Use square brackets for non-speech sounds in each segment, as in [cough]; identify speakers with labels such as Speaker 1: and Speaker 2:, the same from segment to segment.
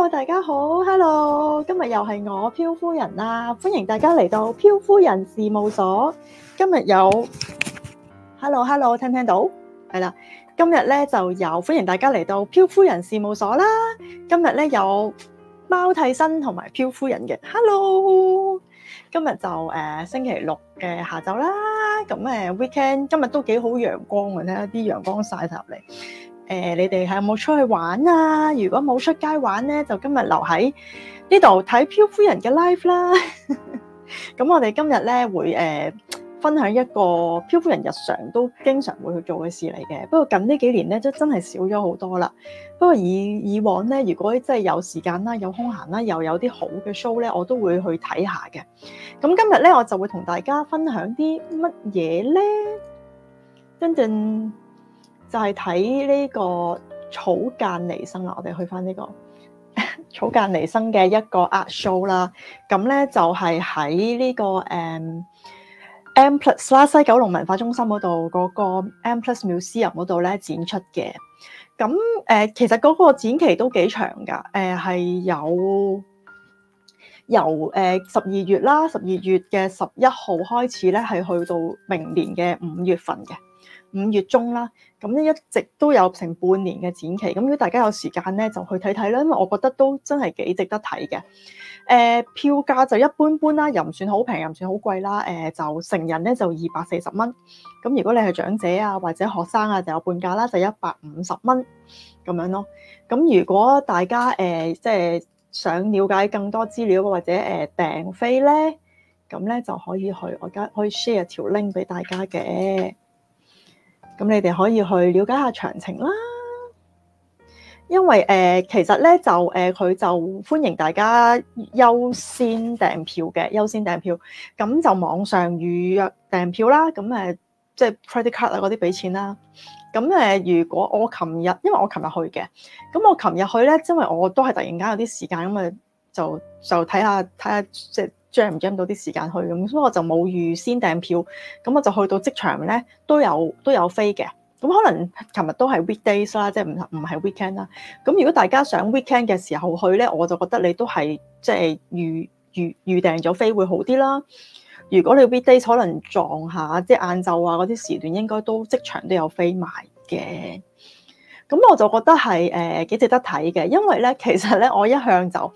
Speaker 1: Hello, 大家好，hello，今日又係我漂夫人啦，歡迎大家嚟到漂夫人事務所。今日有，hello，hello，hello, 聽唔聽到係啦。今日咧就有歡迎大家嚟到漂夫人事務所啦。今日咧有貓替身同埋漂夫人嘅 hello 今。今日就誒星期六嘅下晝啦，咁誒 weekend，今日都幾好陽光嘅，睇下啲陽光曬入嚟。誒、呃，你哋係有冇出去玩啊？如果冇出街玩呢，就今日留喺呢度睇漂夫人嘅 life 啦。咁 [laughs] 我哋今日呢，會誒、呃、分享一個漂夫人日常都經常會去做嘅事嚟嘅。不過近呢幾年呢，都真係少咗好多啦。不過以以往呢，如果真係有時間啦、有空閒啦，又有啲好嘅 show 呢，我都會去睇下嘅。咁今日呢，我就會同大家分享啲乜嘢呢？真正……就係睇呢個草間彌生啦，我哋去翻呢、這個草間彌生嘅一個 art show 啦。咁咧就係喺呢個誒 M Plus 啦，西九龍文化中心嗰度嗰個 M Plus Museum 嗰度咧展出嘅。咁誒其實嗰個展期都幾長㗎，誒係有由誒十二月啦，十二月嘅十一號開始咧，係去到明年嘅五月份嘅。五月中啦，咁咧一直都有成半年嘅展期。咁如果大家有時間咧，就去睇睇啦，因為我覺得都真係幾值得睇嘅。誒、呃，票價就一般般啦，又唔算好平，又唔算好貴啦。誒、呃，就成人咧就二百四十蚊。咁如果你係長者啊，或者學生啊，就有半價啦，就一百五十蚊咁樣咯。咁如果大家誒即係想了解更多資料或者誒、呃、訂飛咧，咁咧就可以去我而家可以 share 條 link 俾大家嘅。咁你哋可以去了解一下詳情啦，因為誒、呃、其實咧就誒佢、呃、就歡迎大家優先訂票嘅，優先訂票咁就網上預約訂票啦，咁誒即係 credit card 啊嗰啲俾錢啦，咁誒如果我琴日因為我琴日去嘅，咁我琴日去咧，因為我都係突然間有啲時間咁誒，就就睇下睇下即係。即唔揀到啲時間去咁，所以我就冇預先訂票，咁我就去到即場咧都有都有飛嘅。咁可能琴日都係 weekdays 啦，即係唔唔係 weekend 啦。咁如果大家上 weekend 嘅時候去咧，我就覺得你都係即係預預預訂咗飛會好啲啦。如果你 weekdays 可能撞下即係晏晝啊嗰啲時段，應該都即場都有飛埋嘅。咁我就覺得係誒幾值得睇嘅，因為咧其實咧我一向就誒、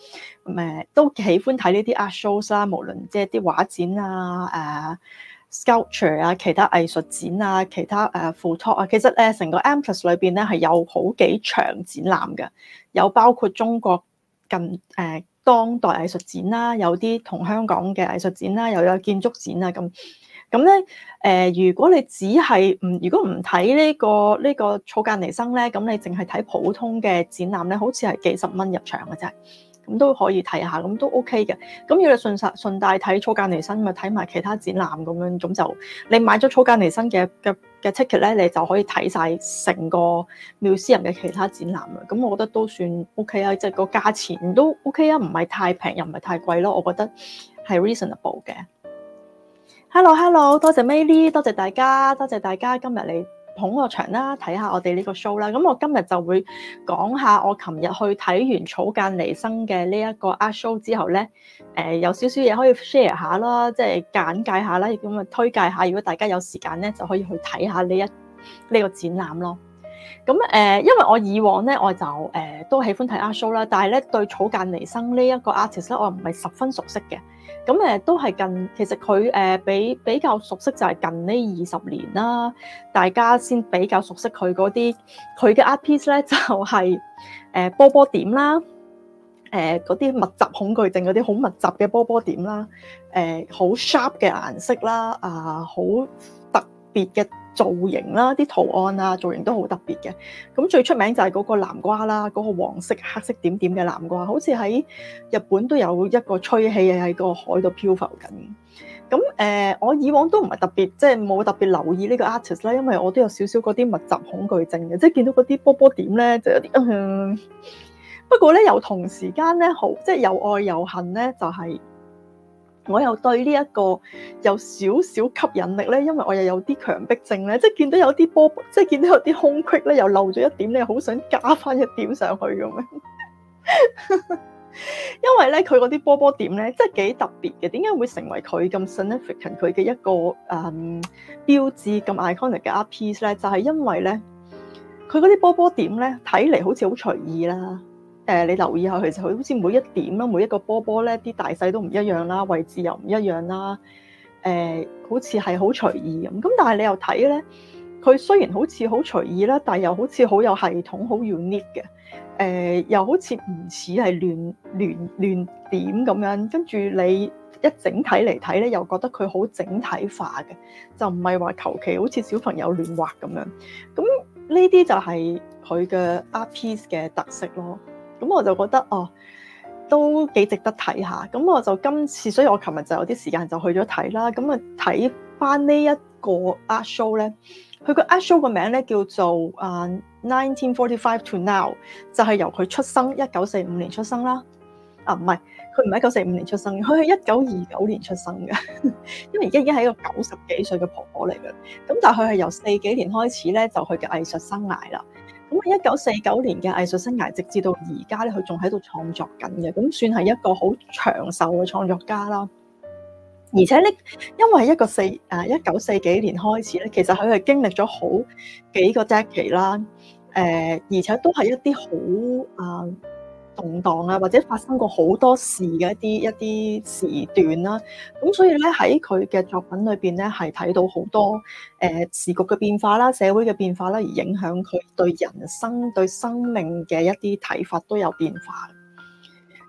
Speaker 1: 嗯、都喜歡睇呢啲 art shows 啦，無論即係啲畫展啊、誒、啊、sculpture 啊、其他藝術展啊、其他誒、啊、photo 啊，其實咧成個 M+ 裏邊咧係有好幾場展覽嘅，有包括中國近誒、呃、當代藝術展啦，有啲同香港嘅藝術展啦，又有建築展啊咁。咁咧，誒、呃，如果你只係唔，如果唔睇呢個呢個草間彌生咧，咁你淨係睇普通嘅展覽咧，好似係幾十蚊入場嘅啫，咁都可以睇下，咁都 OK 嘅。咁如果你順順帶睇草間彌生，咪睇埋其他展覽咁樣，咁就你買咗草間彌生嘅嘅嘅 ticket 咧，你就可以睇晒成個 museum 嘅其他展覽啦。咁我覺得都算 OK 啊，即係個價錢都 OK 啊，唔係太平又唔係太貴咯，我覺得係 reasonable 嘅。Hello，Hello，hello，多謝 Mandy，多謝大家，多謝大家今日嚟捧個場啦，睇下我哋呢個 show 啦。咁我今日就會講下我琴日去睇完草間彌生嘅呢一個 art show 之後咧，誒、呃、有少少嘢可以 share 下啦，即、就、係、是、簡介下啦，咁啊推介下。如果大家有時間咧，就可以去睇下呢一呢個展覽咯。咁誒、呃，因為我以往咧我就誒、呃、都喜歡睇 art show 啦，但係咧對草間彌生呢一個 artist 咧，我唔係十分熟悉嘅。咁誒、嗯、都係近，其實佢誒、呃、比比較熟悉就係近呢二十年啦，大家先比較熟悉佢嗰啲，佢嘅 art piece 咧就係、是、誒、呃、波波點啦，誒嗰啲密集恐懼症嗰啲好密集嘅波波點啦，誒、呃、好 sharp 嘅顏色啦，啊、呃、好特別嘅，造型啦，啲圖案啊，造型都好特別嘅。咁最出名就係嗰個南瓜啦，嗰個黃色黑色點點嘅南瓜，好似喺日本都有一個吹氣嘅喺個海度漂浮緊。咁誒，我以往都唔係特別，即係冇特別留意呢個 artist 啦，因為我都有少少嗰啲密集恐懼症嘅，即係見到嗰啲波波點咧，就有啲，嗯。不過咧，又同時間咧，好即係又愛又恨咧，就係。我又對呢一個有少少吸引力咧，因為我又有啲強迫症咧，即係見到有啲波波，即係見到有啲空隙咧，又漏咗一點咧，好想加翻一點上去咁樣。 [laughs] 因為咧，佢嗰啲波波點咧，即係幾特別嘅。點解會成為佢咁 significant 佢嘅一個誒、嗯、標誌咁 iconic 嘅 piece 咧？就係、是、因為咧，佢嗰啲波波點咧，睇嚟好似好隨意啦。誒、呃，你留意下，其實佢好似每一點咯，每一個波波咧，啲大細都唔一樣啦，位置又唔一樣啦。誒、呃，好似係好隨意咁。咁但係你又睇咧，佢雖然好似好隨意啦，但係又好似好有系統，好 unique 嘅。誒、呃，又好似唔似係亂亂亂點咁樣。跟住你一整體嚟睇咧，又覺得佢好整體化嘅，就唔係話求其好似小朋友亂畫咁樣。咁呢啲就係佢嘅 art piece 嘅特色咯。咁我就覺得哦，都幾值得睇下。咁我就今次，所以我琴日就有啲時間就去咗睇啦。咁啊，睇翻呢一個 art show 咧，佢個 art show 個名咧叫做啊1945 to now，就係由佢出生一九四五年出生啦。啊，唔係，佢唔係一九四五年出生，佢係一九二九年出生嘅。因為而家已經係一個九十幾歲嘅婆婆嚟嘅。咁但係佢係由四幾年開始咧，就佢嘅藝術生涯啦。咁啊，一九四九年嘅藝術生涯，直至到而家咧，佢仲喺度創作緊嘅，咁算係一個好長壽嘅創作家啦。而且呢，因為一個四啊，一九四幾年開始咧，其實佢係經歷咗好幾個週期啦。誒、呃，而且都係一啲好啊。Uh, 動蕩呀，或者發生過好多事嘅一啲一啲時段啦，咁所以咧，喺佢嘅作品裏邊咧，係睇到好多誒、呃、時局嘅變化啦，社會嘅變化啦，而影響佢對人生對生命嘅一啲睇法都有變化。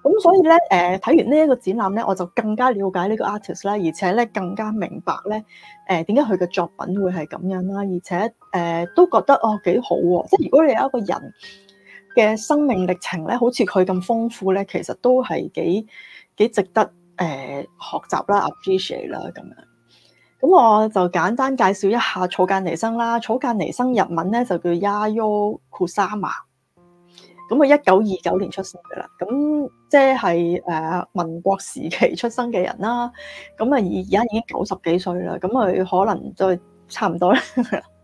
Speaker 1: 咁所以咧，誒、呃、睇完呢一個展覽咧，我就更加了解呢個 artist 啦，而且咧更加明白咧，誒點解佢嘅作品會係咁樣啦，而且誒、呃、都覺得哦幾好喎、啊，即、就、係、是、如果你有一個人。嘅生命歷程咧，好似佢咁豐富咧，其實都係幾幾值得誒、呃、學習啦、appreciate 啦咁樣。咁我就簡單介紹一下草間彌生啦。草間彌生日文咧，就叫 Yayoi Kusama。咁佢一九二九年出生噶啦，咁即係誒民國時期出生嘅人啦。咁啊，而而家已經九十幾歲啦，咁佢可能就差唔多啦。 [laughs]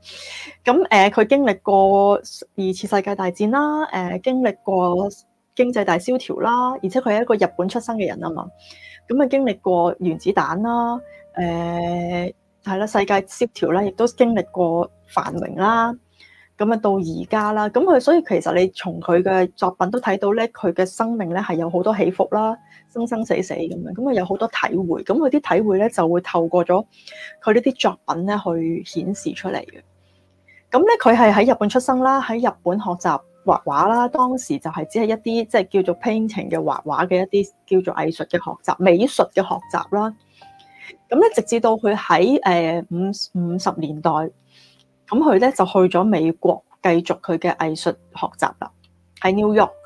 Speaker 1: 咁誒，佢、呃、經歷過二次世界大戰啦，誒、呃，經歷過經濟大蕭條啦，而且佢係一個日本出生嘅人啊嘛，咁啊經歷過原子彈啦，誒係啦，世界蕭條啦，亦都經歷過繁榮啦，咁啊到而家啦，咁佢所以其實你從佢嘅作品都睇到咧，佢嘅生命咧係有好多起伏啦，生生死死咁樣，咁啊有好多體會，咁佢啲體會咧就會透過咗佢呢啲作品咧去顯示出嚟嘅。咁咧，佢係喺日本出生啦，喺日本學習畫畫啦。當時就係只係一啲即係叫做 painting 嘅畫畫嘅一啲叫做藝術嘅學習、美術嘅學習啦。咁咧，直至到佢喺誒五五十年代，咁佢咧就去咗美國繼續佢嘅藝術學習啦，喺 New York。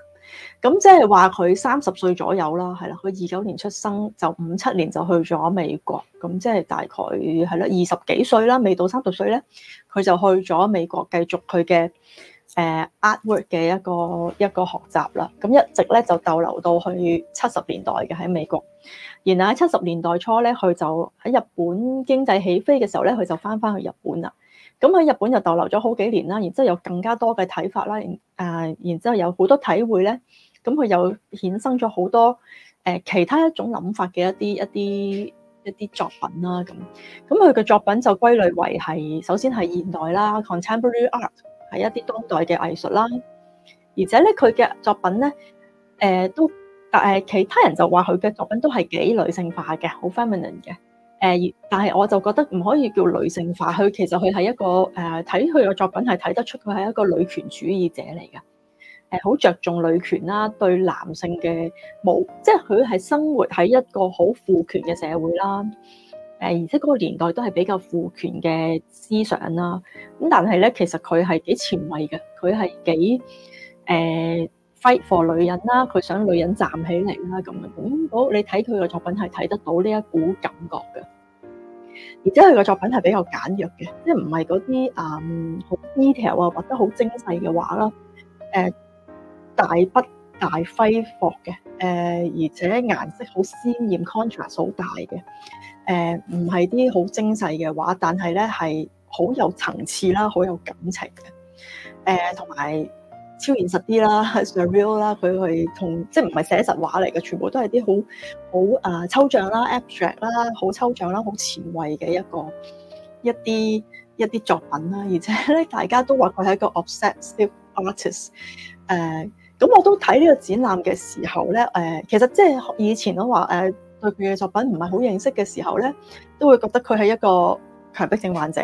Speaker 1: 咁即係話佢三十歲左右啦，係啦，佢二九年出生，就五七年就去咗美國，咁即係大概係啦二十幾歲啦，未到三十歲咧，佢就去咗美國繼續佢嘅誒 artwork 嘅一個一個學習啦，咁一直咧就逗留到去七十年代嘅喺美國，然後喺七十年代初咧，佢就喺日本經濟起飛嘅時候咧，佢就翻翻去日本啦，咁喺日本就逗留咗好幾年啦，然之後有更加多嘅睇法啦，啊，然之後有好多體會咧。咁佢又衍生咗好多誒、呃、其他一種諗法嘅一啲一啲一啲作品啦，咁咁佢嘅作品就歸類為係首先係現代啦，Contemporary Art 係一啲當代嘅藝術啦。而且咧，佢嘅作品咧誒、呃、都但誒、呃、其他人就話佢嘅作品都係幾女性化嘅，好 feminine 嘅誒、呃。但係我就覺得唔可以叫女性化，佢其實佢係一個誒睇佢嘅作品係睇得出佢係一個女權主義者嚟嘅。好着重女權啦，對男性嘅冇，即係佢係生活喺一個好父權嘅社會啦。誒，而且嗰個年代都係比較父權嘅思想啦。咁但係咧，其實佢係幾前衞嘅，佢係幾誒揮霍女人啦，佢想女人站起嚟啦，咁樣咁嗰你睇佢嘅作品係睇得到呢一股感覺嘅。而且佢嘅作品係比較簡約嘅，即係唔係嗰啲啊好 detail 啊或者好精細嘅畫啦，誒、呃。大筆大揮霍嘅，誒、呃，而且顏色好鮮豔，contrast 好大嘅，誒、呃，唔係啲好精細嘅畫，但係咧係好有層次啦，好有感情嘅，誒、呃，同埋超現實啲啦 surreal 啦，佢係同即係唔係寫實畫嚟嘅，全部都係啲好好啊抽象啦，abstract 啦，好抽象啦，好前衛嘅一個一啲一啲作品啦，而且咧大家都話佢係一個 obsessive artist，誒、呃。咁我都睇呢個展覽嘅時候咧，誒，其實即係以前都話誒對佢嘅作品唔係好認識嘅時候咧，都會覺得佢係一個強迫症患者，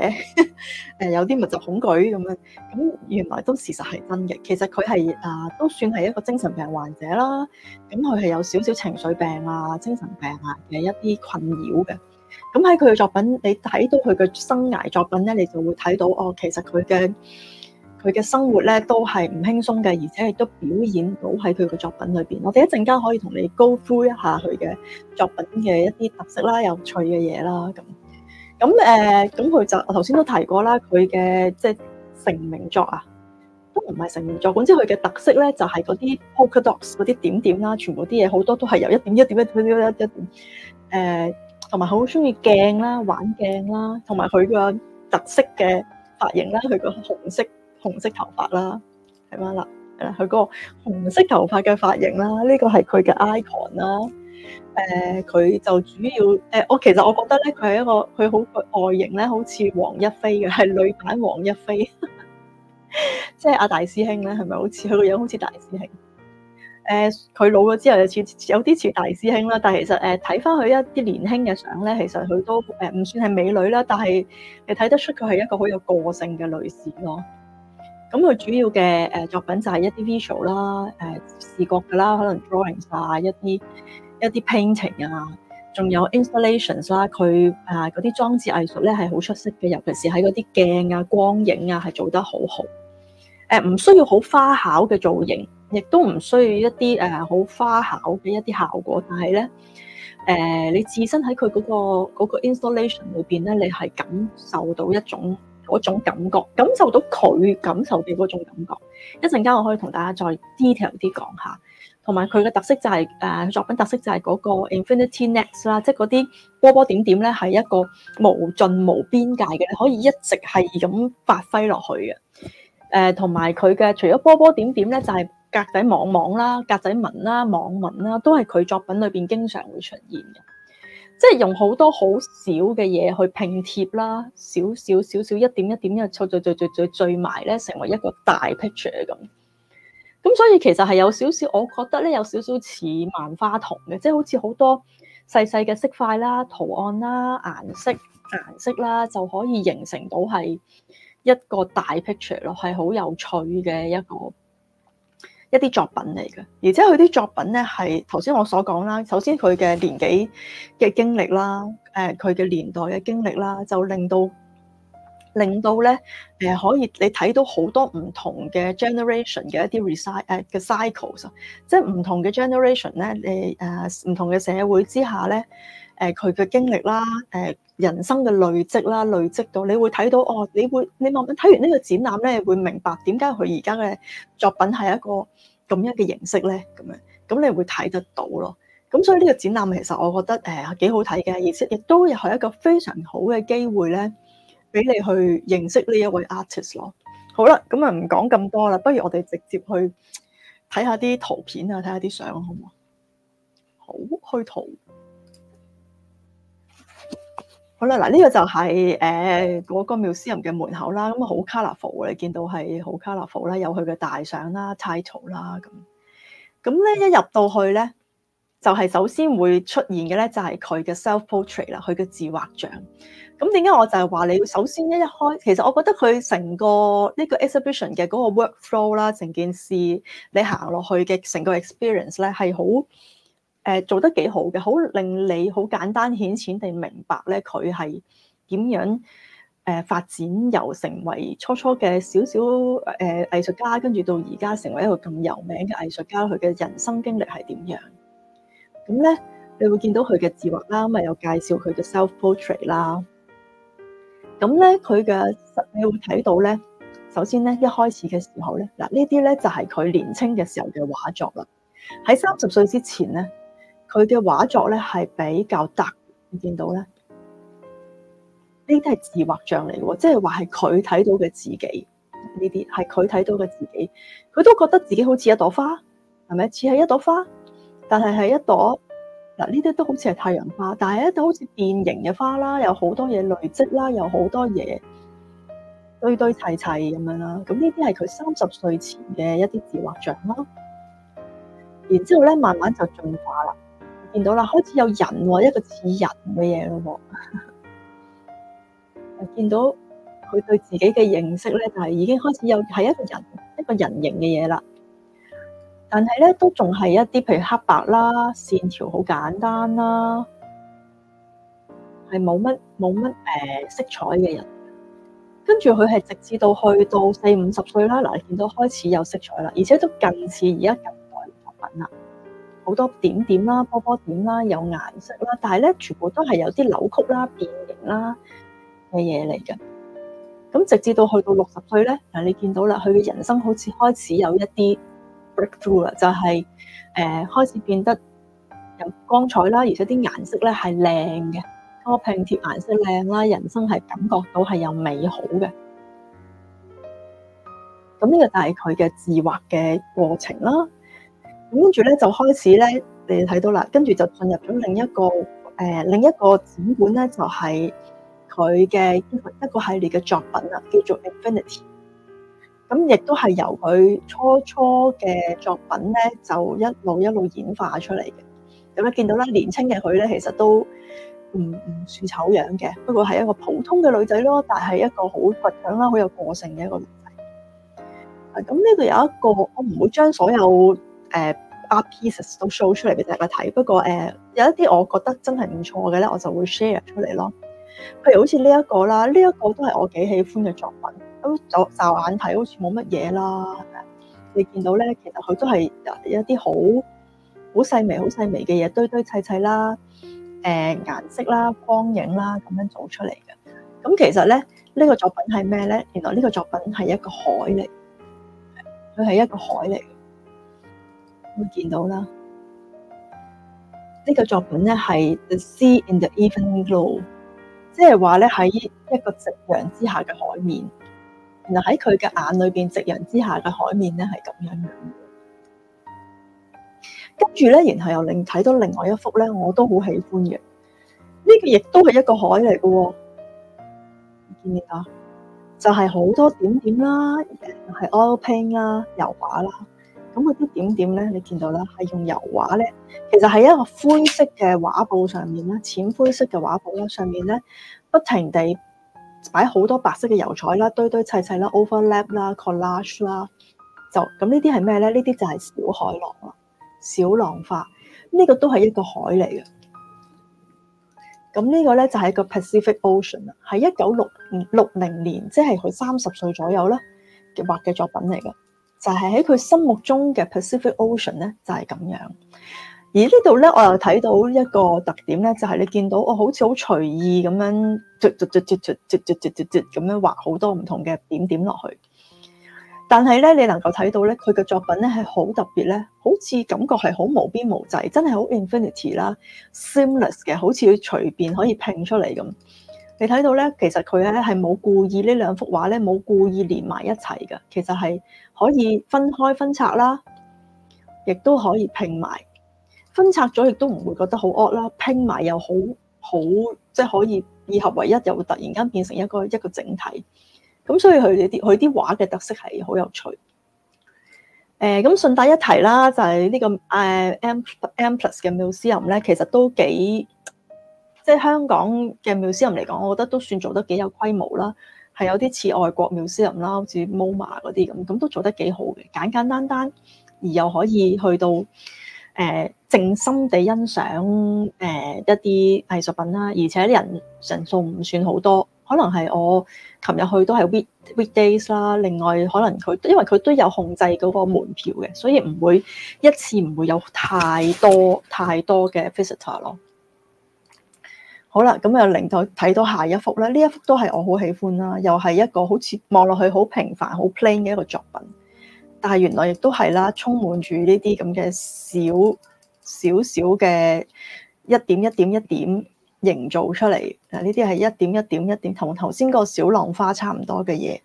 Speaker 1: 誒 [laughs] 有啲密集恐懼咁樣。咁原來都事實係真嘅，其實佢係啊都算係一個精神病患者啦。咁佢係有少少情緒病啊、精神病啊嘅一啲困擾嘅。咁喺佢嘅作品，你睇到佢嘅生涯作品咧，你就會睇到哦，其實佢嘅。佢嘅生活咧都係唔輕鬆嘅，而且亦都表演到喺佢嘅作品裏邊。我哋一陣間可以同你 go through 一下佢嘅作品嘅一啲特色啦、有趣嘅嘢啦。咁咁誒，咁、呃、佢就我頭先都提過啦，佢嘅即係成名作啊，都唔係成名作。總之佢嘅特色咧就係、是、嗰啲 polka dots 嗰啲點點啦，全部啲嘢好多都係由一點一點一點一點誒，同埋好鍾意鏡啦、玩鏡啦，同埋佢嘅特色嘅髮型啦，佢個紅色，紅色頭髮啦，係嘛啦？係啦，佢個紅色頭髮嘅髮型啦，呢、這個係佢嘅 icon 啦、呃。誒，佢就主要誒，我、呃、其實我覺得咧，佢係一個佢好外形咧，好似黃一飛嘅係女版黃一飛。即係阿大師兄咧，係咪好似佢個樣好似大師兄？誒、呃，佢老咗之後又似有啲似大師兄啦，但係其實誒睇翻佢一啲年輕嘅相咧，其實佢都誒唔算係美女啦，但係你睇得出佢係一個好有個性嘅女士咯。咁佢主要嘅誒作品就係一啲 visual 啦，誒、呃、視覺㗎啦，可能 drawings 啊，一啲一啲 painting 啊，仲有 installations 啦。佢誒嗰啲裝置藝術咧係好出色嘅，尤其是喺嗰啲鏡啊、光影啊係做得好好。誒、呃、唔需要好花巧嘅造型，亦都唔需要一啲誒好花巧嘅一啲效果，但係咧誒你自身喺佢嗰個、嗰個、installation 裏邊咧，你係感受到一種。嗰種感覺，感受到佢感受到嗰種感覺。一陣間我可以同大家再 detail 啲講下，同埋佢嘅特色就係、是、誒、呃、作品特色就係嗰個 Infinity Net 啦，即係嗰啲波波點點咧係一個無盡無邊界嘅，可以一直係咁發揮落去嘅。誒、呃，同埋佢嘅除咗波波點點咧，就係格仔網網啦、格仔紋啦、網紋啦，都係佢作品裏邊經常會出現嘅。即係用好多好少嘅嘢去拼貼啦，少少少少一點一點嘅，聚聚聚聚聚埋咧，成為一個大 picture 咁。咁所以其實係有少少，我覺得咧有少少似萬花筒嘅，即係好似好多細細嘅色塊啦、圖案啦、顏色顏色啦，就可以形成到係一個大 picture 咯，係好有趣嘅一個，一啲作品嚟嘅，而且佢啲作品咧係頭先我所講啦，首先佢嘅年紀嘅經歷啦，誒，佢嘅年代嘅經歷啦，就令到令到咧誒，可以你睇到好多唔同嘅 generation 嘅一啲 recycle 誒嘅 cycles，即係唔同嘅 generation 咧誒，誒，唔同嘅社會之下咧。誒，佢嘅經歷啦，誒，人生嘅累積啦，累積到你會睇到哦，你會你慢慢睇完呢個展覽咧，會明白點解佢而家嘅作品係一個咁樣嘅形式咧，咁樣咁你會睇得到咯。咁所以呢個展覽其實我覺得誒幾好睇嘅，而且亦都又係一個非常好嘅機會咧，俾你去認識呢一位 artist 咯。好啦，咁啊唔講咁多啦，不如我哋直接去睇下啲圖片啊，睇下啲相好唔好？好虛圖。好啦，嗱、這、呢個就係誒我個 museum 嘅門口啦，咁啊好 colourful，你見到係好 colourful 啦，有佢嘅大相啦、title 啦咁。咁咧一入到去咧，就係、是、首先會出現嘅咧，就係佢嘅 self-portrait 啦，佢嘅自畫像。咁點解我就係話你首先一一開，其實我覺得佢成個呢個 exhibition 嘅嗰個 work flow 啦，成件事你行落去嘅成個 experience 咧係好。誒，做得幾好嘅，好令你好簡單顯淺地明白咧，佢係點樣誒發展，由成為初初嘅少少誒藝術家，跟住到而家成為一個咁有名嘅藝術家，佢嘅人生經歷係點樣？咁咧，你會見到佢嘅字畫啦，咁咪有介紹佢嘅 self portrait 啦。咁咧，佢嘅實你會睇到咧，首先咧一開始嘅時候咧，嗱呢啲咧就係佢年輕嘅時候嘅畫作啦。喺三十歲之前咧。佢嘅畫作咧係比較特別，你見到咧呢啲係自畫像嚟嘅喎，即係話係佢睇到嘅自己呢啲係佢睇到嘅自己，佢都覺得自己好似一朵花，係咪似係一朵花？但係係一朵嗱，呢啲都好似係太陽花，但係咧都好似變形嘅花啦，有好多嘢累積啦，有好多嘢堆堆砌砌咁樣啦。咁呢啲係佢三十歲前嘅一啲自畫像啦。然之後咧，慢慢就進化啦。見到啦，開始有人一個似人嘅嘢咯， [laughs] 見到佢對自己嘅認識咧，就係已經開始有係一個人一個人形嘅嘢啦。但係咧都仲係一啲，譬如黑白啦、線條好簡單啦，係冇乜冇乜誒色彩嘅人。跟住佢係直至到去到四五十歲啦，嗱，見到開始有色彩啦，而且都近似而家近代作品啦。好多點點啦、波波點啦、有顏色啦，但係咧全部都係有啲扭曲啦、變形啦嘅嘢嚟嘅。咁直至到去到六十歲咧，嗱，你見到啦，佢嘅人生好似開始有一啲 breakthrough 啦、就是，就係誒開始變得有光彩啦，而且啲顏色咧係靚嘅，多拼貼顏色靚啦，人生係感覺到係有美好嘅。咁呢個大概嘅自畫嘅過程啦。咁跟住咧就開始咧，你睇到啦。跟住就進入咗另一個誒，另一個展館咧，就係佢嘅一個一個系列嘅作品啦，叫做 Infinity。咁亦都係由佢初初嘅作品咧，就一路一路演化出嚟嘅。咁你見到啦，年輕嘅佢咧，其實都唔唔算醜樣嘅，不過係一個普通嘅女仔咯。但係一個好倔強啦，好有個性嘅一個女仔。啊，咁呢度有一個，我唔會將所有。誒、uh,art pieces 都 show 出嚟俾大家睇。不過誒，uh, 有一啲我覺得真係唔錯嘅咧，我就會 share 出嚟咯。譬如好似呢一個啦，呢一個都係我幾喜歡嘅作品。都就驟眼睇好似冇乜嘢啦，你見到咧，其實佢都係有一啲好好細微、好細微嘅嘢堆堆砌砌啦。誒、呃，顏色啦、光影啦，咁樣做出嚟嘅。咁其實咧，呢個作品係咩咧？原來呢個作品係一個海嚟，佢係一個海嚟。見到啦，呢、這個作品咧係 The Sea in the Evening Glow 即係話咧喺一個夕陽之下嘅海面，然後喺佢嘅眼裏邊，夕陽之下嘅海面咧係咁樣樣。跟住咧，然後又另睇到另外一幅咧，我都好喜歡嘅，呢、這個亦都係一個海嚟嘅、哦。見唔見啊？就係、是、好多點點啦，係、就是、Oil Painting 啦，油畫啦。咁佢啲點點咧，你見到啦，係用油畫咧，其實係一個灰色嘅畫布上面啦，淺灰色嘅畫布啦，上面咧不停地擺好多白色嘅油彩啦，堆堆砌砌啦，overlap 啦，collage 啦，ap, collage, 就咁呢啲係咩咧？呢啲就係小海浪啊，小浪花，呢、呢個都係一個海嚟嘅。咁呢個咧就係、係、一個 Pacific Ocean 啦，係一九六六零年，即係佢三十歲左右咧嘅畫嘅作品嚟嘅。就係喺佢心目中嘅 Pacific Ocean 咧，就係咁樣。而呢度咧，我又睇到一個特點咧，就係你見到我、哦、好似好隨意咁樣，咁 [laughs] 樣畫好多唔同嘅點點落去。但係咧，你能夠睇到咧，佢嘅作品咧係好特別咧，好似感覺係好無邊無際，真係好 infinity 啦，seamless 嘅，好似佢隨便可以拼出嚟咁。你睇到咧，其實佢咧係冇故意呢兩幅畫咧冇故意連埋一齊嘅，其實係可以分開分拆啦，亦都可以拼埋。分拆咗亦都唔會覺得好 odd 啦，拼埋又好好，即係、就是、可以二合為一，又會突然間變成一個一個整體。咁所以佢啲佢啲畫嘅特色係好有趣。誒、呃，咁順帶一提啦，就係、是、呢個誒 M M plus 嘅 Museum 咧，其實都幾～即係香港嘅 museum 嚟講，我覺得都算做得幾有規模啦，係有啲似外國 museum 啦，好似 MoMA 嗰啲咁，咁都做得幾好嘅，簡簡單單，而又可以去到誒靜心地欣賞、呃、一啲藝術品啦，而且啲人人數唔算好多，可能係我琴日去都係 week week days 啦，另外可能佢因為佢都有控制嗰個門票嘅，所以唔會一次唔會有太多太多嘅 visitor 咯。好啦，咁又令到睇到下一幅咧。呢一幅都係我好喜歡啦，又係一個好似望落去好平凡、好 plain 嘅一個作品，但係原來亦都係啦，充滿住呢啲咁嘅小小小嘅一點一點一點營造出嚟。誒，呢啲係一點一點一點，同頭先個小浪花差唔多嘅嘢，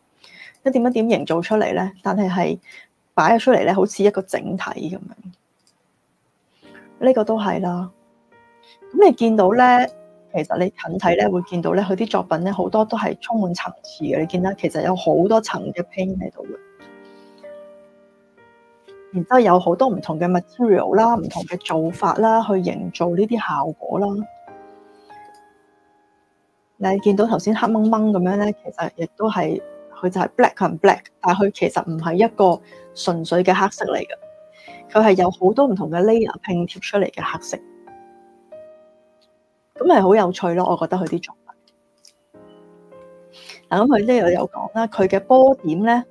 Speaker 1: 一點一點營造出嚟咧。但係係擺咗出嚟咧，好似一個整體咁樣。呢個都係啦。咁你見到咧？其實你近睇咧，會見到咧，佢啲作品咧，好多都係充滿層次嘅。你見到其實有好多層嘅 paint 喺度嘅，然之後有好多唔同嘅 material 啦、唔同嘅做法啦，去營造呢啲效果啦。你見到頭先黑濛濛咁樣咧，其實亦都係佢就係 black and black，但係佢其實唔係一個純粹嘅黑色嚟嘅，佢係有好多唔同嘅 layer 拼貼出嚟嘅黑色。咁係好有趣咯，我覺得佢啲作品，嗱，咁佢呢又有講啦，佢嘅波點咧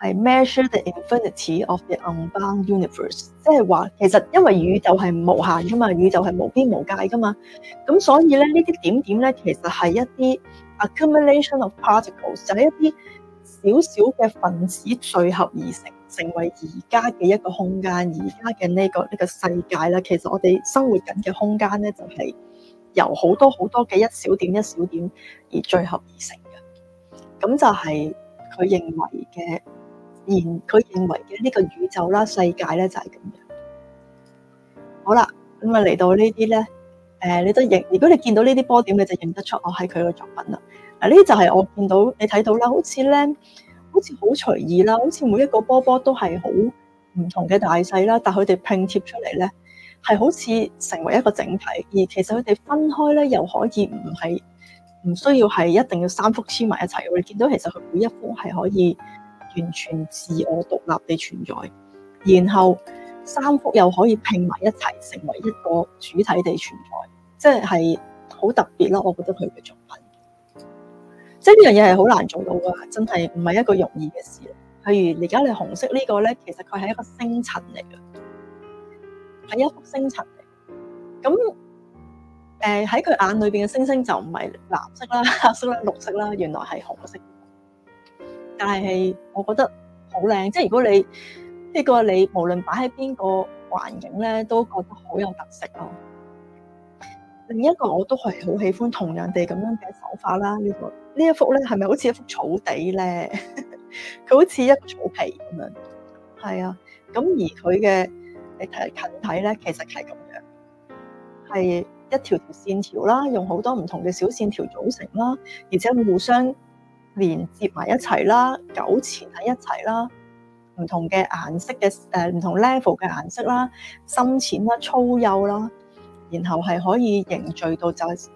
Speaker 1: 係 measure the infinity of the unbound universe，即係話其實因為宇宙係無限噶嘛，宇宙係無邊無界噶嘛，咁所以咧呢啲點點咧其實係一啲 accumulation of particles，就係一啲小小嘅分子聚合而成，成為而家嘅一個空間，而家嘅呢個呢個世界啦，其實我哋生活緊嘅空間咧就係。由好多好多嘅一小點一小點而聚合而成嘅，咁就係佢認為嘅而，佢認為嘅呢個宇宙啦、世界咧就係咁樣。好啦，咁啊嚟到呢啲咧，誒，你都認，如果你見到呢啲波點，你就認得出我係佢嘅作品啦。啊，呢啲就係我見到你睇到啦，好似咧，好似好隨意啦，好似每一個波波都係好唔同嘅大細啦，但佢哋拼貼出嚟咧。係好似成為一個整體，而其實佢哋分開咧，又可以唔係，唔需要係一定要三幅黐埋一齊。我哋見到其實佢每一幅係可以完全自我獨立地存在，然後三幅又可以拼埋一齊成為一個主體地存在，即係好特別咯。我覺得佢嘅作品，即係呢樣嘢係好難做到噶，真係唔係一個容易嘅事。譬如而家你紅色這個呢個咧，其實佢係一個星塵嚟嘅。係一幅星塵嚟，咁誒喺佢眼裏邊嘅星星就唔係藍色啦、黑色啦、綠色啦，原來係紅色。但係我覺得好靚，即係如果你呢、這個你無論擺喺邊個環境咧，都覺得好有特色咯。另一個我都係好喜歡同樣哋咁樣嘅手法啦。呢、這個呢一幅咧係咪好似一幅草地咧？佢 [laughs] 好似一個草皮咁樣，係啊。咁而佢嘅。你睇近睇咧，其實係咁樣，係一條條線條啦，用好多唔同嘅小線條組成啦，而且互相連接埋一齊啦，糾纏喺一齊啦，唔同嘅顏色嘅誒，唔同 level 嘅顏色啦，深淺啦，粗幼啦，然後係可以凝聚到就係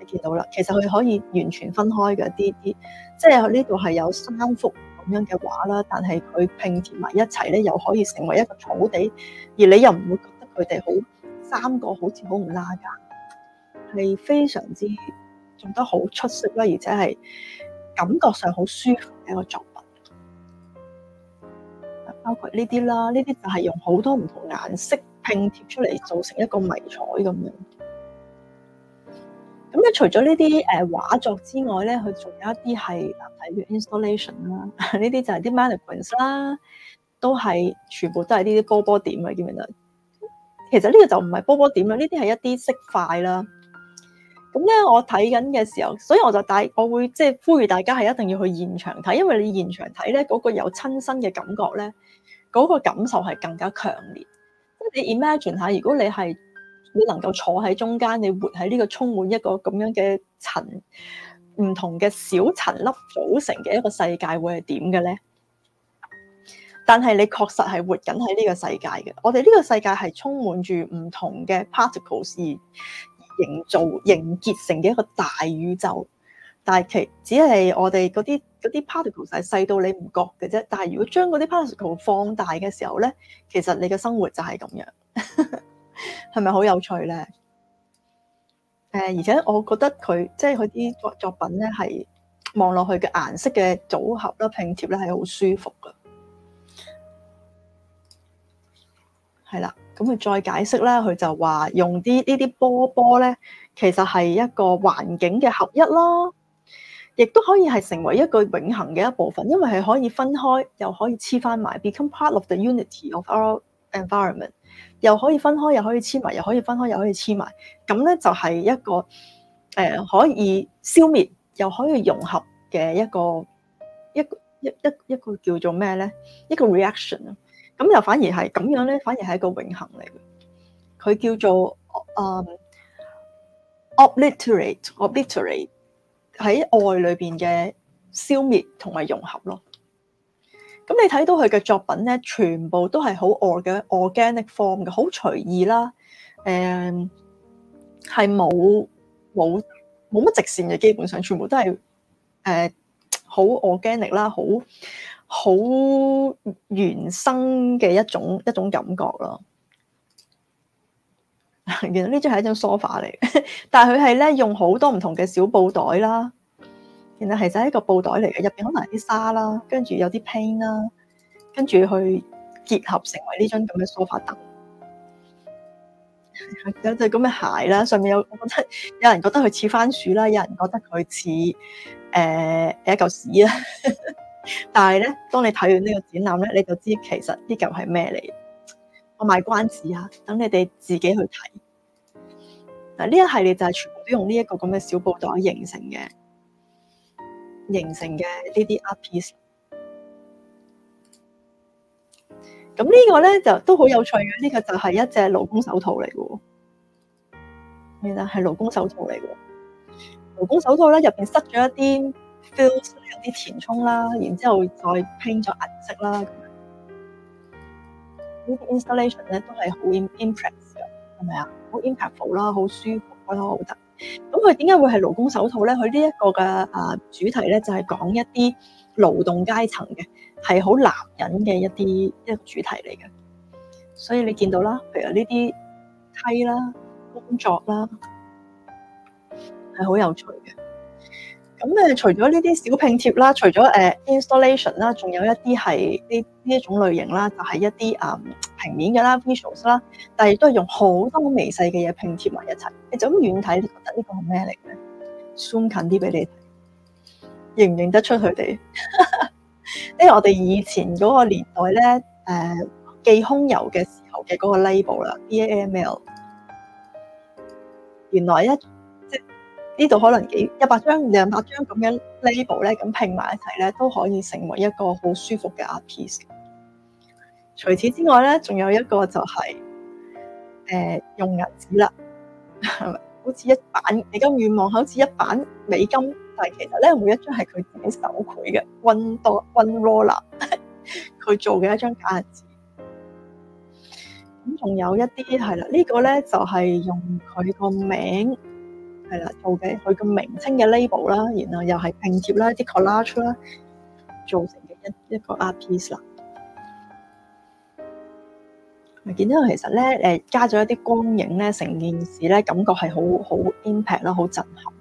Speaker 1: 你見到啦。其實佢可以完全分開嘅啲啲，即係呢度係有三幅。咁樣嘅畫啦，但係佢拼貼埋一齊咧，又可以成為一個草地，而你又唔會覺得佢哋好三個好似好唔拉架，係非常之做得好出色啦，而且係感覺上好舒服嘅一個作品，包括呢啲啦，呢啲就係用好多唔同顏色拼貼出嚟，做成一個迷彩咁樣的。咁咧，除咗呢啲誒畫作之外咧，佢仲有一啲係係 installation 啦，呢啲就係啲 management 啦，都係全部都係呢啲波波點嘅，記唔記得？其實呢個就唔係波波點啦，呢啲係一啲色塊啦。咁咧，我睇緊嘅時候，所以我就帶，我會即係呼籲大家係一定要去現場睇，因為你現場睇咧，嗰個有親身嘅感覺咧，嗰個感受係更加強烈。即係你 imagine 下，如果你係你能夠坐喺中間，你活喺呢個充滿一個咁樣嘅塵，唔同嘅小塵粒組成嘅一個世界會係點嘅咧？但係你確實係活緊喺呢個世界嘅。我哋呢個世界係充滿住唔同嘅 particles 而而營造、凝結成嘅一個大宇宙。但係其只係我哋嗰啲啲 particles 係細到你唔覺嘅啫。但係如果將嗰啲 particles 放大嘅時候咧，其實你嘅生活就係咁樣。 [laughs] 係咪好有趣咧？誒，而且我覺得佢即係佢啲作作品咧，係望落去嘅顏色嘅組合啦，拼貼咧係好舒服噶。係啦，咁佢再解釋咧，佢就話用啲呢啲波波咧，其實係一個環境嘅合一啦，亦都可以係成為一個永恆嘅一部分，因為係可以分開又可以黐翻埋，become part of the unity of our。environment 又可以分開又可以黐埋，又可以分開又可以黐埋，咁咧就係、是、一個誒、呃、可以消滅又可以融合嘅一個一個一一一個叫做咩咧？一個 reaction 啊！咁又反而係咁樣咧，反而係一個永恒嚟嘅。佢叫做誒、um, obliterate obliterate 喺愛裏邊嘅消滅同埋融合咯。咁你睇到佢嘅作品咧，全部都係好 organic form 嘅，好隨意啦，誒、嗯，係冇冇冇乜直線嘅，基本上全部都係誒好、呃、organic 啦，好好原生嘅一種一種感覺咯。原 [laughs] 來呢張係一張 sofa 嚟，但係佢係咧用好多唔同嘅小布袋啦。其實係就一個布袋嚟嘅，入邊可能係啲沙啦，跟住有啲拼啦，跟住去結合成為呢張咁嘅梳化凳， [laughs] 有隻咁嘅鞋啦，上面有，我覺得有人覺得佢似番薯啦，有人覺得佢似誒一嚿屎啦， [laughs] 但係咧，當你睇完呢個展覽咧，你就知其實呢嚿係咩嚟。我賣關子啊，等你哋自己去睇。嗱，呢一系列就係全部都用呢一個咁嘅小布袋形成嘅。形成嘅呢啲 art piece 咁呢個咧就都好有趣嘅。呢、這個就係一隻勞工手套嚟嘅，原來係勞工手套嚟嘅。勞工手套咧入邊塞咗一啲 fill 有啲填充啦，然之後再拼咗顏色啦。咁呢啲 installation 咧都係好 impactful 嘅，係咪啊？好 impactful 啦，好舒服，覺得好得。咁佢點解會係勞工手套咧？佢呢一個嘅啊主題咧，就係講一啲勞動階層嘅，係好男人嘅一啲一些主題嚟嘅。所以你見到啦，譬如呢啲梯啦、工作啦，係好有趣嘅。咁誒，除咗呢啲小拼貼啦，除咗誒、uh, installation 啦，仲有一啲係呢呢一種類型啦，就係、是、一啲啊、um, 平面嘅啦，visuals 啦，但係都係用好多微細嘅嘢拼貼埋一齊。你就咁遠睇、這個，你覺得呢個係咩嚟嘅？Zoom 近啲俾你睇，認唔認得出佢哋？呢 [laughs] 個我哋以前嗰個年代咧，誒、uh, 寄空郵嘅時候嘅嗰個 label 啦，B A M L，原來一。呢度可能幾一百張、兩百張咁樣 label 咧，咁拼埋一齊咧，都可以成為一個好舒服嘅 art piece。除此之外咧，仲有一個就係、是、誒、呃、用銀紙啦，好似一版你咁願望，好似一版美金，但係其實咧每一張係佢自己手繪嘅，one do one roller，佢 [laughs] 做嘅一張假銀紙。咁仲有一啲係啦，這個、呢個咧就係、是、用佢個名字。係啦，做嘅佢個名稱嘅 label 啦，然後又係拼貼啦，啲 collage 啦，做成嘅一一個 art piece 啦。見到其實咧，誒加咗一啲光影咧，成件事咧感覺係好好 impact 啦，好震撼。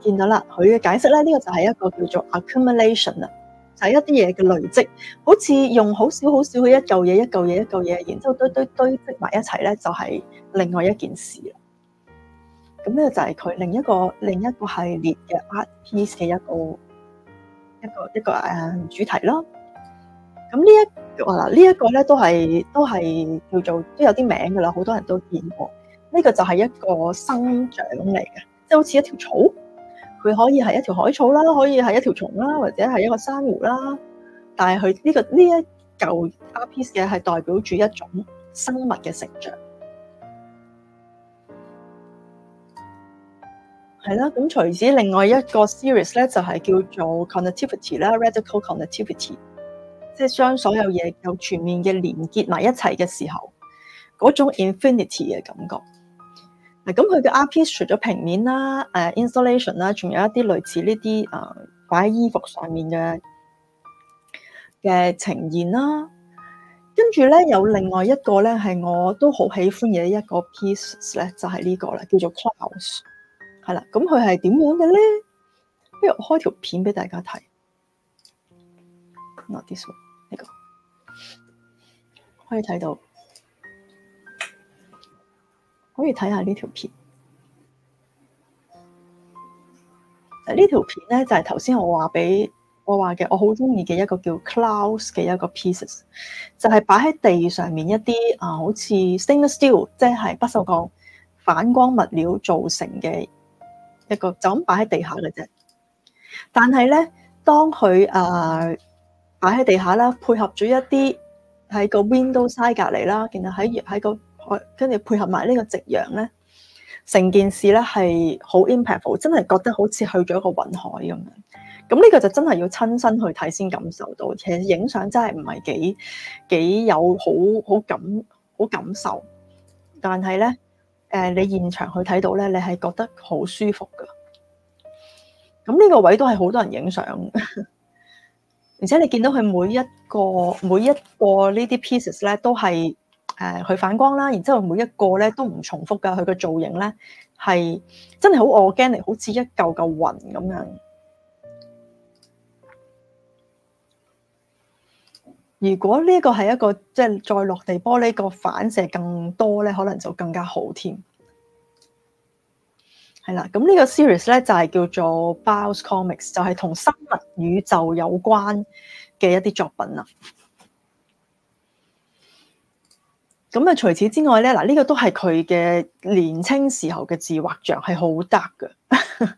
Speaker 1: 見到啦，佢嘅解釋咧，呢、這個就係一個叫做 accumulation 啊。就係一啲嘢嘅累積，好似用好少好少嘅一嚿嘢、一嚿嘢、一嚿嘢，然之後堆堆堆積埋一齊咧，就係、是、另外一件事啦。咁呢個就係佢另一個另一個系列嘅 art piece 嘅一個一個一個誒主題咯。咁、這個這個、呢一個嗱，呢一個咧都係都係叫做都有啲名噶啦，好多人都見過。呢、這個就係一個生長嚟嘅，即、就、係、是、好似一條草。佢可以係一條海草啦，可以係一條蟲啦，或者係一個珊瑚啦。但係佢呢個呢一嚿 art piece 嘅係代表住一種生物嘅成長。係啦，咁除此另外一個 series 咧，就係、是、叫做 connectivity 啦，radical connectivity，即係將所有嘢有全面嘅連結埋一齊嘅時候，嗰種 infinity 嘅感覺。咁佢嘅 art piece 除咗平面啦，誒、uh, installation 啦，仲有一啲類似呢啲誒擺喺衣服上面嘅嘅呈現啦。跟住咧有另外一個咧係我都好喜歡嘅一個 piece 咧，就係呢個啦，叫做 clothes。係啦，咁佢係點樣嘅咧？不如我開條片俾大家睇。Not this one，呢、呢個可以睇到。可以睇下呢條片。呢、就係、條片咧就係頭先我話俾我話嘅，我好中意嘅一個叫 Clouds 嘅一個 pieces，就係擺喺地上面一啲啊、呃，好似 stainless steel，即係不鏽鋼反光物料造成嘅一個，就咁擺喺地下嘅啫。但係咧，當佢啊、呃、擺喺地下啦，配合咗一啲喺個 window side 隔籬啦，然後喺喺個。跟住配合埋呢個夕陽咧，成件事咧係好 impactful，真係覺得好似去咗一個雲海咁樣。咁呢個就真係要親身去睇先感受到，其實影相真係唔係幾幾有好好感好感受。但係咧，誒，你現場去睇到咧，你係覺得好舒服噶。咁呢個位都係好多人影相，而且你見到佢每一個每一個呢啲 pieces 咧，都係。誒，佢反光啦，然之後每一個咧都唔重複噶，佢個造型咧係真係好 organic，好似一嚿嚿雲咁樣。如果呢個係一個即係再落地玻璃個反射更多咧，可能就更加好添。係啦，咁呢個 series 咧就係、是、叫做 Biocosmic，就係同生物宇宙有關嘅一啲作品啦。咁啊！就除此之外咧，嗱、這、呢個都係佢嘅年青時候嘅自畫像，係好 dark 㗎， [laughs]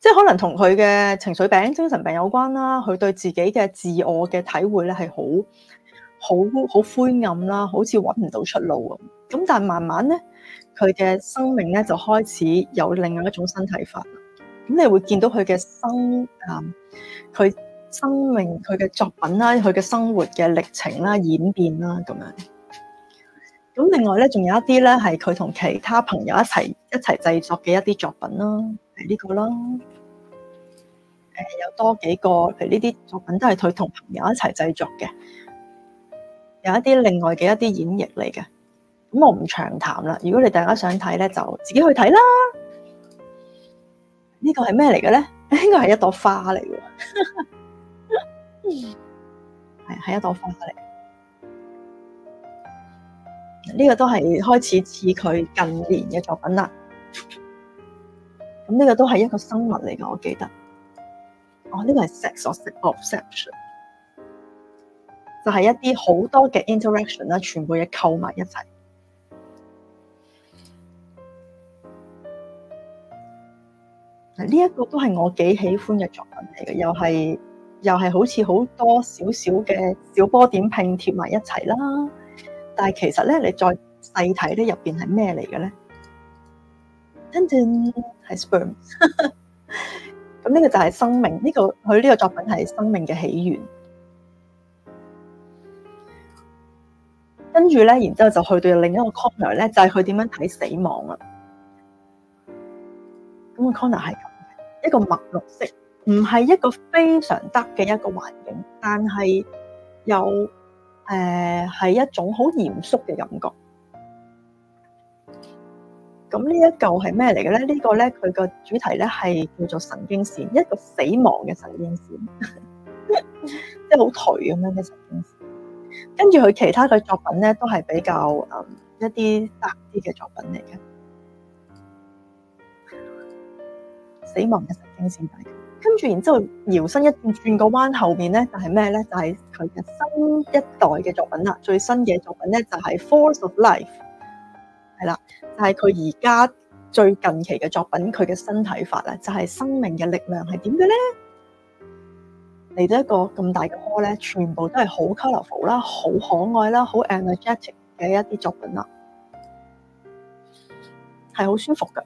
Speaker 1: 即係可能同佢嘅情緒病、精神病有關啦。佢對自己嘅自我嘅體會咧，係好、好、好灰暗啦，好似搵唔到出路咁。咁但係慢慢咧，佢嘅生命咧就開始有另外一種新睇法。咁你會見到佢嘅生啊，佢、呃、生命、佢嘅作品啦、佢嘅生活嘅歷程啦、演變啦咁樣。咁另外咧，仲有一啲咧，係佢同其他朋友一齊一齊製作嘅一啲作品啦，係呢個啦。誒，有多幾個，譬如呢啲作品都係佢同朋友一齊製作嘅。有一啲另外嘅一啲演繹嚟嘅。咁我唔長談啦，如果你大家想睇咧，就自己去睇啦。呢個係咩嚟嘅咧？應該係一朵花嚟嘅，係 [laughs] 係一朵花嚟。呢個都係開始似佢近年嘅作品啦。咁呢個都係一個生物嚟嘅，我記得。哦，呢個係 Sex or Sex Obsession 就係一啲好多嘅 interaction 啦，全部嘢扣埋一齊。啊，呢一個都係我幾喜歡嘅作品嚟嘅，又係又係好似好多少少嘅小波點拼貼埋一齊啦。但係其實咧，你再細睇咧，入邊係咩嚟嘅咧？跟住係 sperm，咁呢個就係生命，呢個佢呢個作品係生命嘅起源。跟住咧，然之後就去到另一個 corner 咧，就係佢點樣睇死亡啊。咁個 corner 係咁嘅一個墨綠色，唔係一個非常 dark 嘅一個環境，但係有。誒，係一種好嚴肅嘅感覺。咁呢一嚿係咩嚟嘅咧？呢個咧佢個主題咧係叫做神經線，一個死亡嘅神經線，即係好頹咁樣嘅神經線。跟住佢其他嘅作品咧，都係比較誒一啲雜啲嘅作品嚟嘅，死亡嘅神經線嚟嘅。跟住，然之後搖身一轉，轉個彎後面咧，就係咩咧？就係佢嘅新一代嘅作品啦，最新嘅作品咧就係、是《Force of Life》係啦。但係佢而家最近期嘅作品，佢嘅新睇法咧，就係、是、生命嘅力量係點嘅咧？嚟到一個咁大嘅科咧，全部都係好 colourful 啦，好可愛啦，好 energetic 嘅一啲作品啦，係好舒服㗎。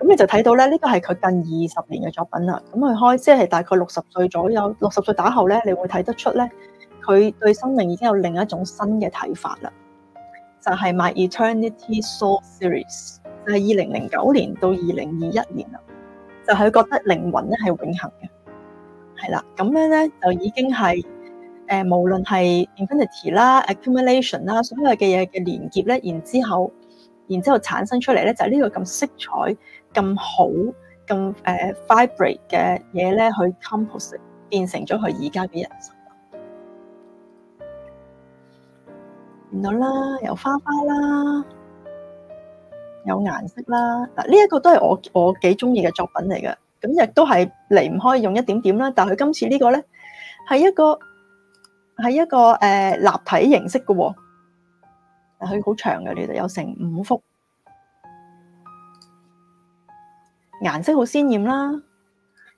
Speaker 1: 咁你就睇到咧，呢、這個係佢近二十年嘅作品啦。咁佢開即係大概六十歲左右，六十歲打後咧，你會睇得出咧，佢對生命已經有另一種新嘅睇法啦。就係、是、My Eternity Soul Series，就係二零零九年到二零二一年啦。就係、是、覺得靈魂咧係永恆嘅，係啦。咁樣咧就已經係誒，無論係 Infinity 啦、Accumulation 啦，所有嘅嘢嘅連結咧，然之後，然之後產生出嚟咧，就係呢個咁色彩。咁好咁誒 vibrate 嘅嘢咧，去 compose 變成咗佢而家嘅人生。見到啦，有花花啦，有顏色啦。嗱，呢一個都係我我幾中意嘅作品嚟嘅。咁亦都係離唔開用一點點啦。但係佢今次這個呢個咧，係一個係一個誒、呃、立體形式嘅喎、哦。佢好長嘅，其實有成五幅。顏色好鮮豔啦，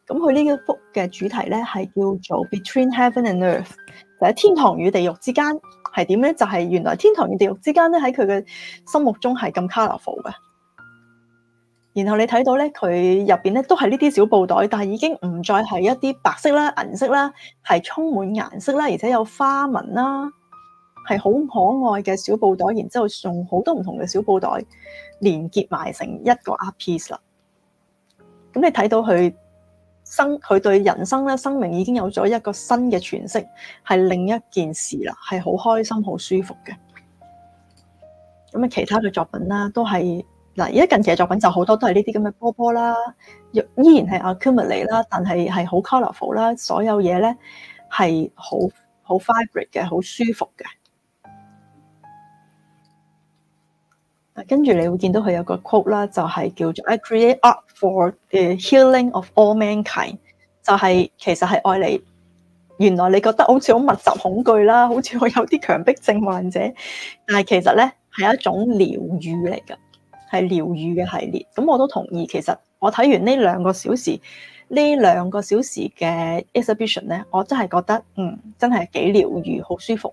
Speaker 1: 咁佢呢一幅嘅主題咧係叫做 Between Heaven and Earth，就係天堂與地獄之間係點咧？就係、是、原來天堂與地獄之間咧喺佢嘅心目中係咁 colourful 嘅。然後你睇到咧佢入面咧都係呢啲小布袋，但係已經唔再係一啲白色啦、銀色啦，係充滿顏色啦，而且有花紋啦，係好可愛嘅小布袋。然之後送好多唔同嘅小布袋連結埋成一個 art piece 啦。咁你睇到佢生佢對人生咧生命已經有咗一個新嘅詮釋，係另一件事啦，係好開心，好舒服嘅。咁啊，其他嘅作品啦，都係嗱，而家近期嘅作品就好多都係呢啲咁嘅波波啦，依然係 accumulate 啦，但係係好 colourful 啦，所有嘢咧係好好 vibrant 嘅，好舒服嘅。跟住你會見到佢有個 quote 啦，就係叫做 I create art for the healing of all mankind，就係、是、其實係愛你。原來你覺得好似好密集恐懼啦，好似我有啲強迫症患者，但係其實咧係一種療癒嚟嘅，係療癒嘅系列。咁我都同意，其實我睇完呢兩個小時，呢兩個小時嘅 exhibition 咧，我真係覺得嗯，真係幾療癒，好舒服。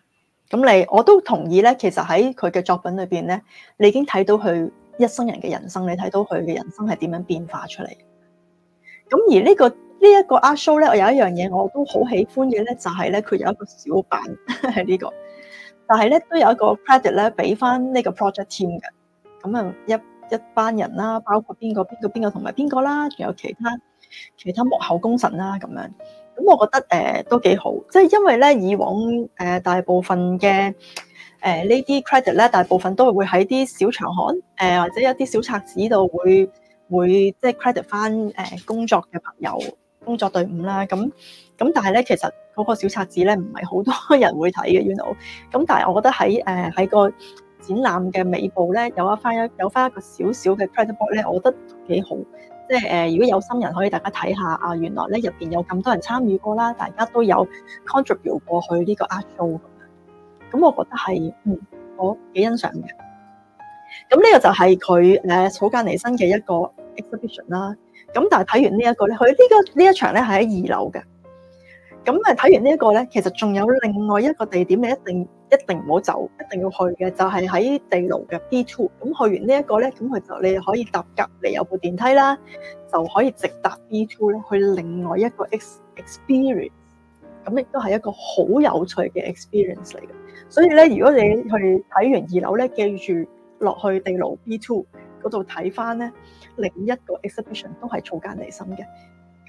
Speaker 1: 咁你我都同意咧，其實喺佢嘅作品裏邊咧，你已經睇到佢一生人嘅人生，你睇到佢嘅人生係點樣變化出嚟。咁而、這個這個、呢個呢一個 art show 咧，我有一樣嘢我都好喜歡嘅咧，就係咧佢有一個小版係呢、 [laughs] 這個，但係咧都有一個 credit 咧俾翻呢個 project team 嘅。咁啊一一班人啦，包括邊個邊個邊個同埋邊個啦，仲有其他其他幕後功臣啦咁樣。咁我覺得誒、呃、都幾好，即、就、係、是、因為咧以往誒、呃、大部分嘅誒、呃、呢啲 credit 咧，大部分都係會喺啲小場刊誒、呃、或者一啲小冊子度會會即係 credit 翻誒工作嘅朋友、工作隊伍啦。咁咁但係咧，其實嗰個小冊子咧唔係好多人會睇嘅，you know。咁但係我覺得喺誒喺個展覽嘅尾部咧，有翻翻有翻一個小小嘅 credit book 咧，我覺得幾好。即係誒，如果有心人可以大家睇下啊，原來咧入邊有咁多人參與過啦，大家都有 contribute 過去呢個 art show，咁咁我覺得係嗯，我幾欣賞嘅。咁呢個就係佢誒草間彌生嘅一個 exhibition 啦、這個。咁但係睇完呢一個咧，佢、這、呢個呢一場咧係喺二樓嘅。咁誒睇完呢一個咧，其實仲有另外一個地點你一定一定唔好走，一定要去嘅就係喺地牢嘅 B two。咁去完呢一個咧，咁佢就你可以搭隔離有部電梯啦，就可以直搭 B two 咧去另外一個 ex experience。咁亦都係一個好有趣嘅 experience 嚟嘅。所以咧，如果你去睇完二樓咧，記住落去地牢 B two 嗰度睇翻咧另一個 exhibition 都係草間彌生嘅。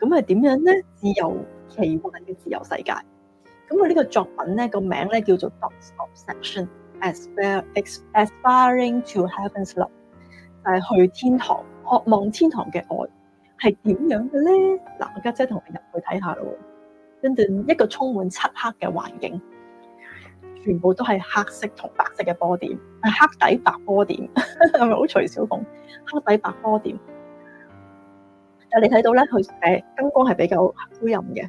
Speaker 1: 咁係點樣咧？自由奇幻嘅自由世界。咁佢呢個作品咧、這個名咧叫做《Dots Obsession As、well, As》，aspiring to heaven's love，誒去天堂渴望天堂嘅愛係點樣嘅咧？嗱，我家姐同我入去睇下咯。跟住一個充滿漆黑嘅環境，全部都係黑色同白色嘅波點，係黑底白波點，係咪好徐小鳳？黑底白波點。 [laughs] 是你睇到咧，佢誒燈光係比較灰暗嘅，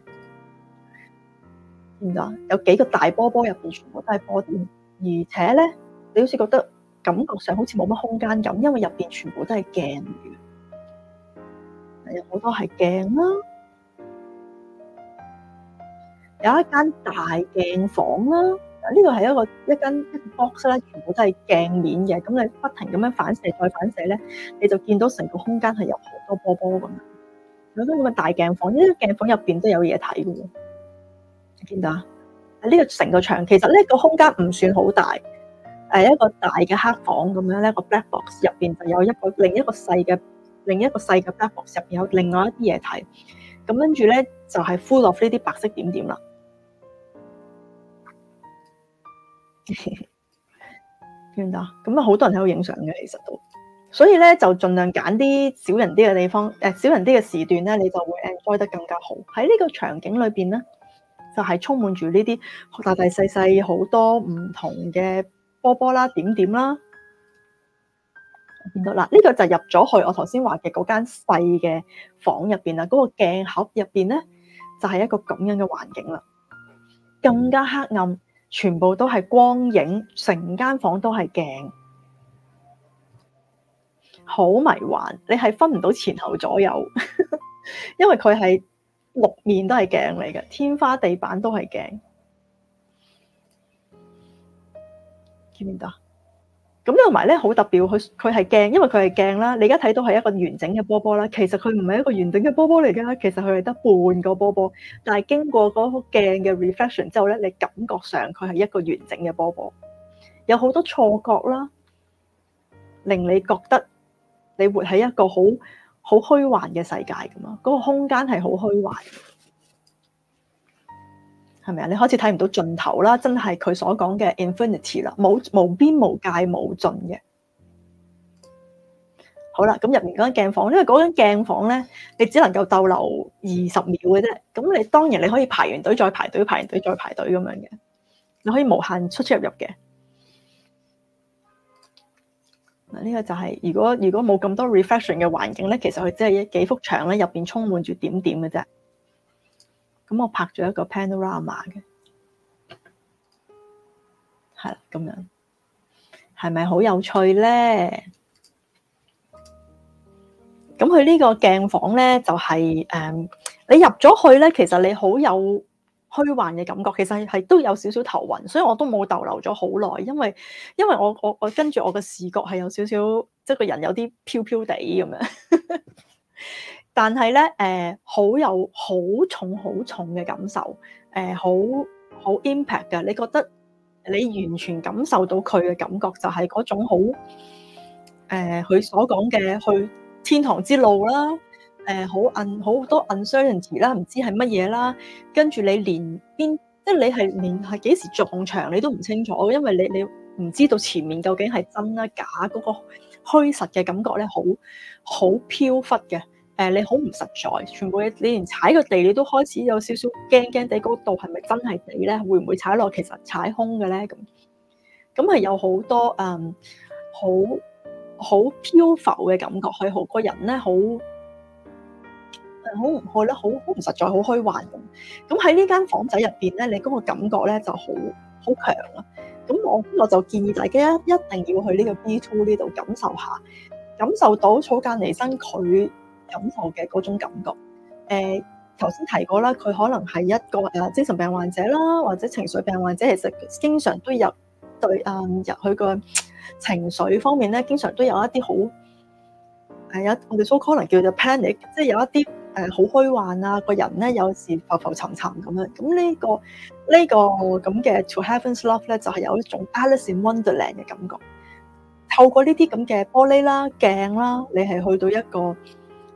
Speaker 1: 見唔見有幾個大波波入邊全部都係波點，而且咧，你好似覺得感覺上好似冇乜空間咁，因為入邊全部都係鏡嚟嘅，有好多係鏡啦，有一間大鏡房啦，啊呢度係一個一間一個 box 啦，全部都係鏡面嘅，咁你不停咁樣反射再反射咧，你就見到成個空間係有好多波波咁。有咁嘅大鏡房，呢個鏡房入邊都有嘢睇嘅喎，見到啊？呢、呢個成個牆，其實呢個空間唔算好大，誒一個大嘅黑房咁樣咧，個 black box 入邊就有一個另一個細嘅另一個細嘅 black box 入邊有另外一啲嘢睇，咁跟住咧就係、係、full of 呢啲白色點點啦， [laughs] 見唔到啊？咁啊，好多人喺度影相嘅，其實都。所以咧就盡量揀啲少人啲嘅地方，誒、呃、少人啲嘅時段咧，你就會 enjoy 得更加好。喺呢個場景裏邊咧，就係、是、充滿住呢啲大大細細好多唔同嘅波波啦，點點啦。見到啦呢、這個就入咗去我頭先話嘅嗰間細嘅房入邊啦。嗰、那個鏡盒入邊咧，就係、是、一個咁樣嘅環境啦，更加黑暗，全部都係光影，成間房都係鏡。好迷幻，你係分唔到前後左右， [laughs] 因為佢係六面都係鏡嚟嘅，天花地板都係鏡。見唔見到？咁同埋咧，好特別，佢佢係鏡，因為佢係鏡啦。你而家睇到係一個完整嘅波波啦，其實佢唔係一個完整嘅波波嚟噶，其實佢係得半個波波。但係經過嗰個鏡嘅 reflection 之後咧，你感覺上佢係一個完整嘅波波，有好多錯覺啦，令你覺得。你活喺一個好好虛幻嘅世界咁啊，嗰個空間係好虛幻，係咪啊？你開始睇唔到盡頭啦，真係佢所講嘅 infinity 啦，冇無邊無界無盡嘅。好啦，咁入面嗰間鏡房，因為嗰間鏡房咧，你只能夠逗留二十秒嘅啫。咁你當然你可以排完隊再排隊，排完隊再排隊咁樣嘅，你可以無限出出入入嘅。呢個就係、是、如果如果冇咁多 reflection 嘅環境咧，其實佢只係一幾幅牆咧，入邊充滿住點點嘅啫。咁、嗯、我拍咗一個 panorama 嘅，係啦，咁樣係咪好有趣咧？咁佢呢個鏡房咧就係、是、誒、嗯，你入咗去咧，其實你好有虛幻嘅感覺，其實係都有少少頭暈，所以我都冇逗留咗好耐，因為因為我我我跟住我嘅視覺係有少少，即係個人有啲飄飄哋咁樣。 [laughs] 但係咧，誒、呃、好有好重好重嘅感受，誒、呃、好好 impact 嘅，你覺得你完全感受到佢嘅感覺，就係、是、嗰種好誒，佢、呃、所講嘅去天堂之路啦。誒好暗好多 uncertainty 啦，唔知係乜嘢啦，跟住你連邊即係你係連係幾時撞牆你都唔清楚，因為你你唔知道前面究竟係真啦假嗰，那個虛實嘅感覺咧，好好飄忽嘅。誒、呃、你好唔實在，全部你連踩個地你都開始有少少驚驚地，嗰度係咪真係地咧？會唔會踩落其實踩空嘅咧？咁咁係有好多嗯好好漂浮嘅感覺，佢好個人咧好。好好唔好咧？好好唔實在，好虛幻咁。咁喺呢間房仔入邊咧，你嗰個感覺咧就好好強啊。咁我我就建議大家一定要去呢個 B2 呢度感受下，感受到草間彌生佢感受嘅嗰種感覺。誒頭先提過啦，佢可能係一個誒精神病患者啦，或者情緒病患者。其實經常都有對誒，入去個情緒方面咧，經常都有一啲好係一我哋蘇可能叫做 panic，即係有一啲。誒好、呃、虛幻啊！個人咧有時浮浮沉沉咁樣咁、這個這個、呢個呢個咁嘅 To Heaven's Love 咧，就係、是、有一種 Alice in Wonderland 嘅感覺。透過呢啲咁嘅玻璃啦、鏡啦，你係去到一個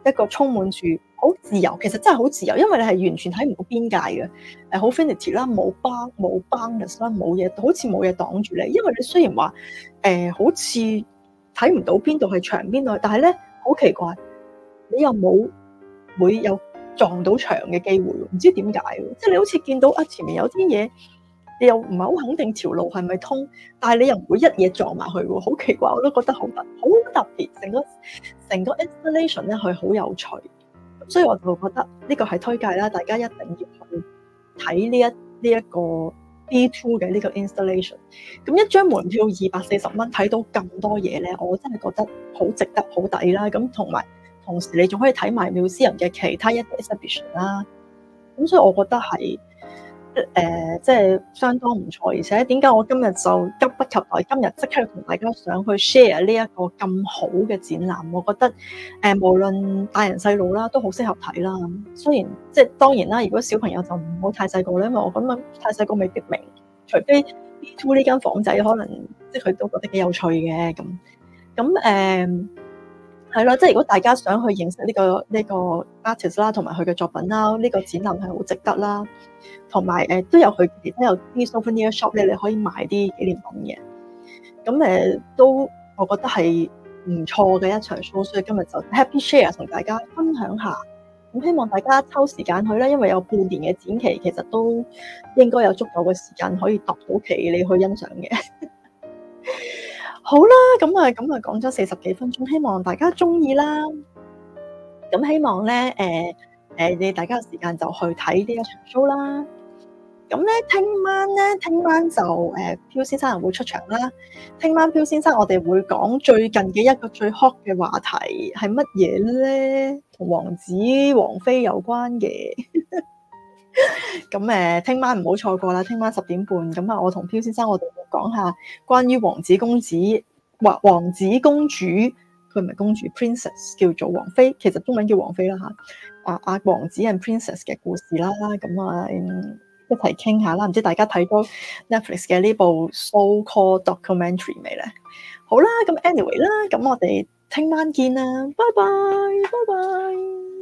Speaker 1: 一個充滿住好自由，其實真係好自由，因為你係完全睇唔到邊界嘅誒、bon，好 finity 啦，冇包冇 bounds 啦，冇嘢好似冇嘢擋住你。因為你雖然話誒、呃、好似睇唔到邊度係牆邊度，但係咧好奇怪，你又冇。會有撞到牆嘅機會，唔知點解，即係你好似見到啊前面有啲嘢，你又唔係好肯定條路係咪通，但係你又唔會一嘢撞埋去喎，好奇怪，我都覺得好特好特別，成個成個 installation 咧佢好有趣，所以我就會覺得呢個係推介啦，大家一定要去睇呢一呢一個 B2 嘅呢個 installation。咁一張門票二百四十蚊睇到咁多嘢咧，我真係覺得好值得、好抵啦。咁同埋。同時，你仲可以睇埋 Museum 嘅其他一啲 exhibition 啦。咁所以，我覺得係誒，即、呃、係、就是、相當唔錯。而且點解我今日就急不及待，今日即刻同大家上去 share 呢一個咁好嘅展覽？我覺得誒、呃，無論大人細路啦，都好適合睇啦。雖然即係、就是、當然啦，如果小朋友就唔好太細個咧，因為我覺得太細個未必明。除非 B two 呢間房仔可能即係佢都覺得幾有趣嘅咁咁誒。係咯，即係如果大家想去認識呢個呢個 artist 啦，同埋佢嘅作品啦，呢個展覽係好值得啦。同埋誒都有佢亦都有啲 souvenir shop 咧，你可以買啲紀念品嘅。咁誒都我覺得係唔錯嘅一場 show，所以今日就 happy share 同大家分享一下。咁希望大家抽時間去啦，因為有半年嘅展期，其實都應該有足夠嘅時間可以踱到期你去欣賞嘅。好啦，咁啊，咁啊，講咗四十幾分鐘，希望大家中意啦。咁希望咧，誒、呃，誒、呃，你大家有時間就去睇呢一場 show 啦。咁咧，聽晚咧，聽晚就誒，飄、呃、先生又會出場啦。聽晚飄先生，我哋會講最近嘅一個最 hot 嘅話題係乜嘢咧？同王子王妃有關嘅。 [laughs] 咁誒，聽 [laughs] 晚唔好錯過啦！聽晚十點半，咁啊，我同飄先生，我哋會講下關於王子公子或王子公主，佢唔係公主，princess 叫做王妃，其實中文叫王妃啦吓。啊啊，王子 and princess 嘅故事啦，咁啊一齊傾下啦。唔知大家睇到 Netflix 嘅呢部 so called documentary 未咧？好啦，咁 anyway 啦，咁我哋聽晚見啦，拜拜，拜拜。